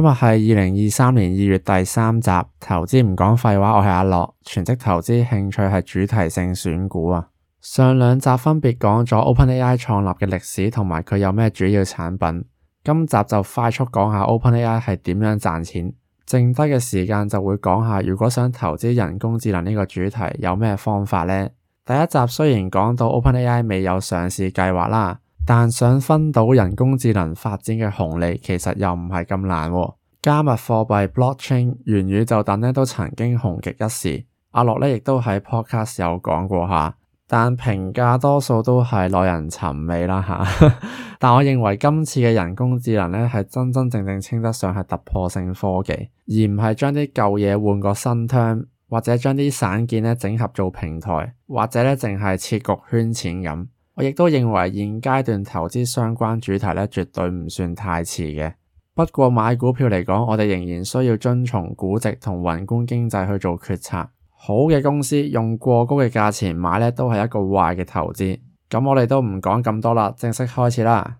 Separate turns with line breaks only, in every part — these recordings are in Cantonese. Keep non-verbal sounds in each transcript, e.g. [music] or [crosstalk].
今日係二零二三年二月第三集，投資唔講廢話，我係阿樂，全職投資興趣係主題性選股啊。上兩集分別講咗 OpenAI 創立嘅歷史同埋佢有咩主要產品，今集就快速講下 OpenAI 係點樣賺錢，剩低嘅時間就會講下如果想投資人工智能呢個主題有咩方法呢？第一集雖然講到 OpenAI 未有上市計劃啦，但想分到人工智能發展嘅紅利，其實又唔係咁難啊。加密貨幣、Blockchain、元宇宙等呢，都曾經紅極一時。阿樂呢亦都喺 Podcast 有講過下，但評價多數都係耐人尋味啦吓。 [laughs] 但我認為今次嘅人工智能呢，係真真正正稱得上係突破性科技，而唔係將啲舊嘢換個新腔，或者將啲散件呢整合做平台，或者呢淨係設局圈錢咁。我亦都認為現階段投資相關主題呢，絕對唔算太遲嘅。不過買股票嚟講，我哋仍然需要遵從估值同宏觀經濟去做決策。好嘅公司用過高嘅價錢買呢，都係一個壞嘅投資。咁我哋都唔講咁多啦，正式開始啦。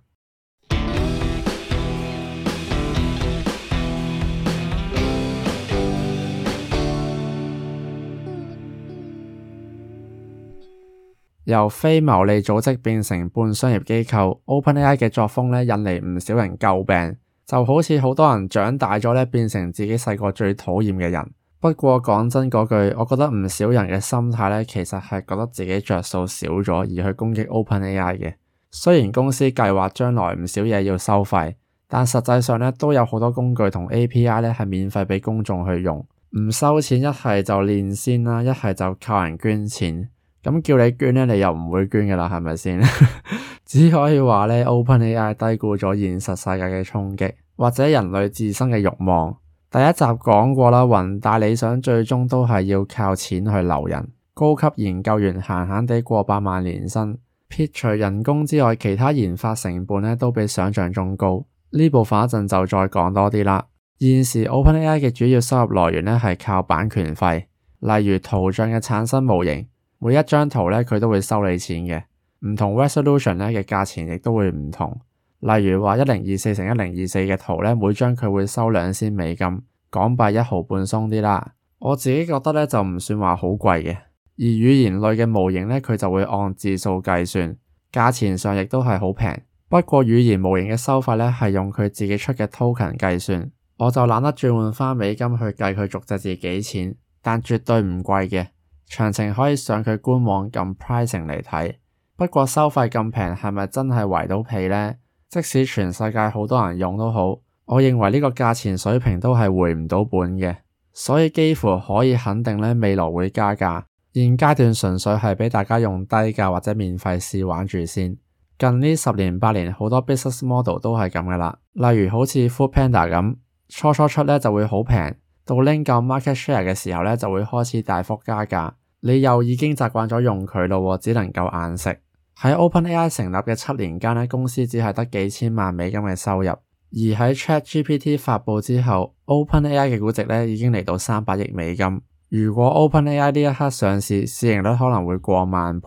由非牟利組織變成半商業機構，OpenAI 嘅作風呢，引嚟唔少人詬病，就好似好多人長大咗呢，變成自己細個最討厭嘅人。不過講真嗰句，我覺得唔少人嘅心態呢，其實係覺得自己着數少咗而去攻擊 OpenAI 嘅。雖然公司計劃將來唔少嘢要收費，但實際上呢，都有好多工具同 API 呢係免費畀公眾去用，唔收錢一係就練先啦，一係就，就靠人捐錢。咁叫你捐呢，你又唔會捐嘅啦，係咪先？ [laughs] 只可以話呢，OpenAI 低估咗現實世界嘅衝擊或者人類自身嘅慾望。第一集講過啦，宏大理想最終都係要靠錢去留人。高級研究員閒閒地過百萬年薪，撇除人工之外，其他研發成本呢都比想象中高。呢部分一陣就再講多啲啦。現時 OpenAI 嘅主要收入來源呢係靠版權費，例如圖像嘅產生模型。每一張圖呢，佢都會收你的錢嘅，唔同 resolution 呢嘅價錢亦都會唔同。例如話一零二四乘一零二四嘅圖呢，每張佢會收兩仙美金，港幣一毫半鬆啲啦。我自己覺得呢就唔算話好貴嘅。而語言類嘅模型呢，佢就會按字數計算，價錢上亦都係好平。不過語言模型嘅收費呢，係用佢自己出嘅 token 計算，我就懶得轉換返美金去計佢逐隻字幾錢，但絕對唔貴嘅。詳情可以上佢官網撳 pricing 嚟睇。不過收費咁平，係咪真係回到皮呢？即使全世界好多人用都好，我認為呢個價錢水平都係回唔到本嘅，所以幾乎可以肯定呢未來會加價。現階段純粹係畀大家用低價或者免費試玩住先。近呢十年八年，好多 business model 都係咁噶啦，例如好似 Foodpanda 咁，初初出呢就會好平，到拎夠 market share 嘅時候呢，就會開始大幅加價。你又已經習慣咗用佢咯，只能夠硬食。喺 OpenAI 成立嘅七年間呢，公司只係得幾千萬美金嘅收入。而喺 ChatGPT 發佈之後，OpenAI 嘅估值呢已經嚟到三百億美金。如果 OpenAI 呢一刻上市，市盈率可能會過萬倍。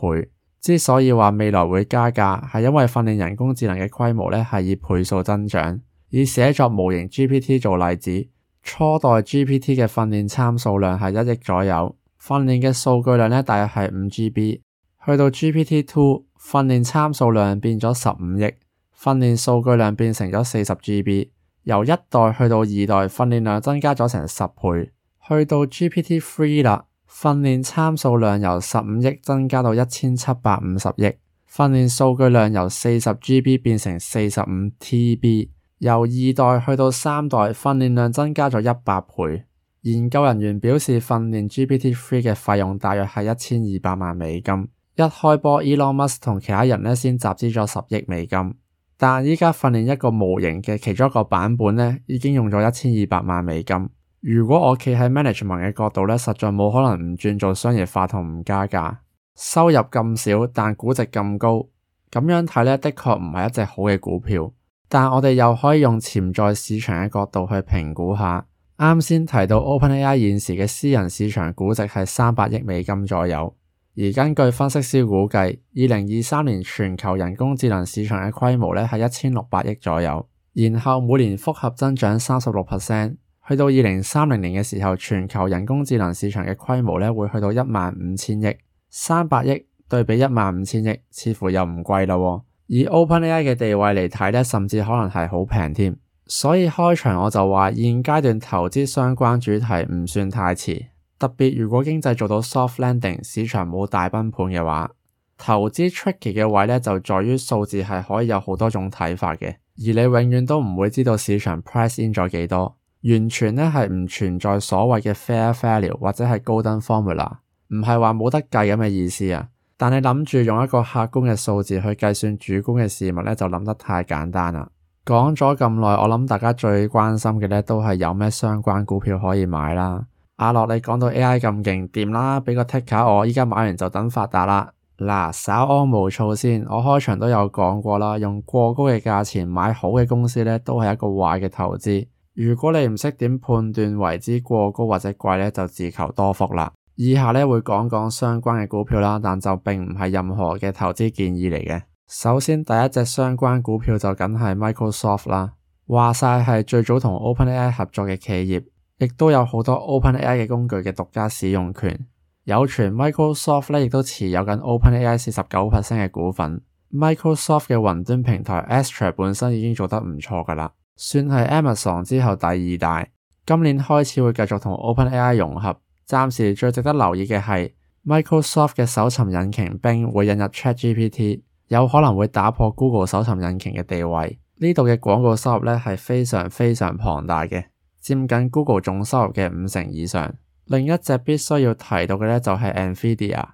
之所以話未來會加價，係因為訓練人工智能嘅規模呢係以倍數增長。以寫作模型 GPT 做例子，初代 GPT 嘅訓練參數量係一億左右。訓練嘅數據量咧大約係五 G B，去到 G P T Two 訓練參數量變咗十五億，訓練數據量變成咗四十 G B，由一代去到二代訓練量增加咗成十倍，去到 G P T Three 啦，訓練參數量由十五億增加到一千七百五十億，訓練數據量由四十 G B 變成四十五 T B，由二代去到三代訓練量增加咗一百倍。研究人員表示，訓練 GPT Three 嘅費用大約係一千二百萬美金。一開波，Elon Musk 同其他人呢先集資咗十億美金，但依家訓練一個模型嘅其中一個版本呢，已經用咗一千二百萬美金。如果我企喺 management 嘅角度呢，實在冇可能唔轉做商業化同唔加價。收入咁少，但估值咁高，咁樣睇呢的確唔係一隻好嘅股票，但我哋又可以用潛在市場嘅角度去評估下。啱先提到 OpenAI 現時嘅私人市場估值係三百億美金左右，而根據分析師估計，二零二三年全球人工智能市場嘅規模咧係一千六百億左右，然後每年複合增長三十六 percent，去到二零三零年嘅時候，全球人工智能市場嘅規模咧會去到一萬五千億。三百億對比一萬五千億，似乎又唔貴喇喎。以 OpenAI 嘅地位嚟睇咧，甚至可能係好平添。所以開場我就話，現階段投資相關主題唔算太遲，特別如果經濟做到 soft landing，市場冇大崩盤嘅話，投資 tricky 嘅位咧，就在於數字係可以有好多種睇法嘅，而你永遠都唔會知道市場 price in 咗幾多，完全咧係唔存在所謂嘅 fair value 或者係 golden formula，唔係話冇得計咁嘅意思啊，但你諗住用一個客觀嘅數字去計算主觀嘅事物咧，就諗得太簡單啦。講咗咁耐，我諗大家最關心嘅咧，都係有咩相關股票可以買啦。阿樂，你講到 AI 咁勁，掂啦，畀個 ticker 我，依家買完就等發達啦。嗱，稍安勿躁先，我開場都有講過啦，用過高嘅價錢買好嘅公司咧，都係一個壞嘅投資。如果你唔識點判斷為之過高或者貴咧，就自求多福啦。以下咧會講講相關嘅股票啦，但就並唔係任何嘅投資建議嚟嘅。首先，第一隻相關股票就緊係 Microsoft 啦。話晒係最早同 OpenAI 合作嘅企業，亦都有好多 OpenAI 嘅工具嘅獨家使用權。有傳 Microsoft 咧亦都持有緊 OpenAI 四十九 percent 嘅股份。Microsoft 嘅雲端平台 Azure 本身已經做得唔錯噶啦，算係 Amazon 之後第二大。今年開始會繼續同 OpenAI 融合。暫時最值得留意嘅係 Microsoft 嘅搜尋引擎 Bing 會引入 ChatGPT。有可能會打破 Google 搜尋引擎嘅地位，呢度嘅廣告收入咧係非常非常龐大嘅，佔緊 Google 總收入嘅五成以上。另一隻必須要提到嘅咧就係 NVIDIA，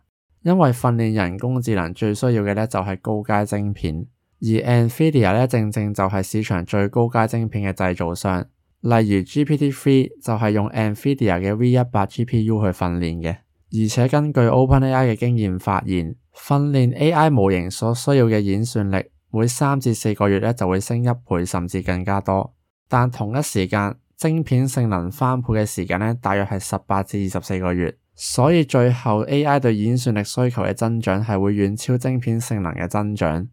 因為訓練人工智能最需要嘅咧就係高階晶片，而 NVIDIA 咧正正就係市場最高階晶片嘅製造商。例如 GPT 三就係用 NVIDIA 嘅 V 一百 GPU 去訓練嘅。而且根據 OpenAI 嘅經驗發現，訓練 AI 模型所需要嘅演算力，每三至四個月咧就會升一倍甚至更加多。但同一時間，晶片性能翻倍嘅時間咧大約係十八至二十四個月。所以最後 AI 對演算力需求嘅增長係會遠超晶片性能嘅增長。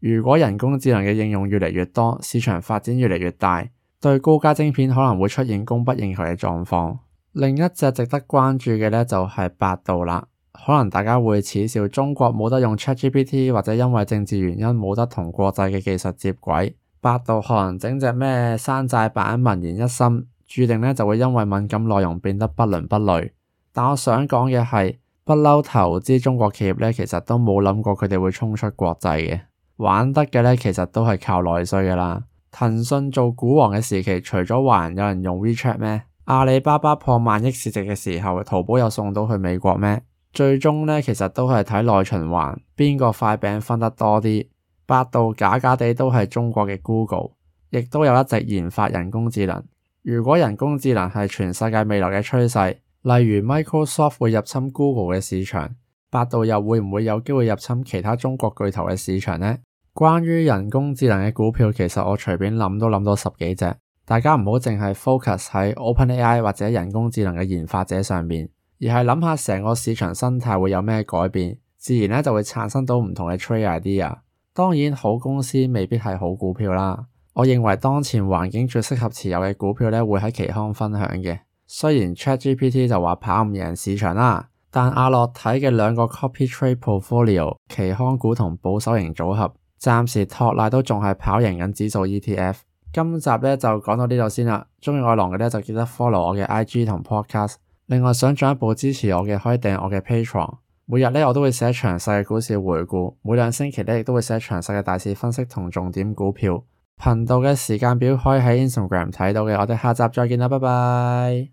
如果人工智能嘅應用越嚟越多，市場發展越嚟越大，對高價晶片可能會出現供不應求嘅狀況。另一隻值得關注嘅呢，就係百度啦。可能大家會恥笑中國冇得用 ChatGPT，或者因為政治原因冇得同國際嘅技術接軌。百度可能整隻咩山寨版文言一心，注定呢就會因為敏感內容變得不倫不類。但我想講嘅係，不嬲投資中國企業呢，其實都冇諗過佢哋會衝出國際嘅，玩得嘅呢，其實都係靠內需噶啦。騰訊做股王嘅時期，除咗還有人用 WeChat 咩？阿里巴巴破萬億市值嘅時候，淘寶有送到去美國咩？最終呢，其實都係睇內循環，邊個塊餅分得多啲。百度假假地都係中國嘅 Google，亦都有一直研發人工智能。如果人工智能係全世界未來嘅趨勢，例如 Microsoft 會入侵 Google 嘅市場，百度又會唔會有機會入侵其他中國巨頭嘅市場呢？關於人工智能嘅股票，其實我隨便諗都諗到十幾隻。大家唔好淨係 focus 喺 OpenAI 或者人工智能嘅研發者上面，而係諗下成個市場生態會有咩改變，自然咧就會產生到唔同嘅 trade idea。當然好公司未必係好股票啦。我認為當前環境最適合持有嘅股票咧，會喺期刊分享嘅。雖然 ChatGPT 就話跑唔贏市場啦，但阿樂睇嘅兩個 copy trade portfolio 期刊股同保守型組合，暫時托賴都仲係跑贏緊指數 ETF。今集咧就講到呢度先啦，鍾意我郎嘅咧就記得 follow 我嘅 IG 同 podcast，另外想進一步支持我嘅可以訂我嘅 Patreon，每日咧我都會寫詳細嘅股市回顧，每兩星期咧亦都會寫詳細嘅大市分析同重點股票，頻道嘅時間表可以喺 Instagram 睇到嘅，我哋下集再見啦，拜拜。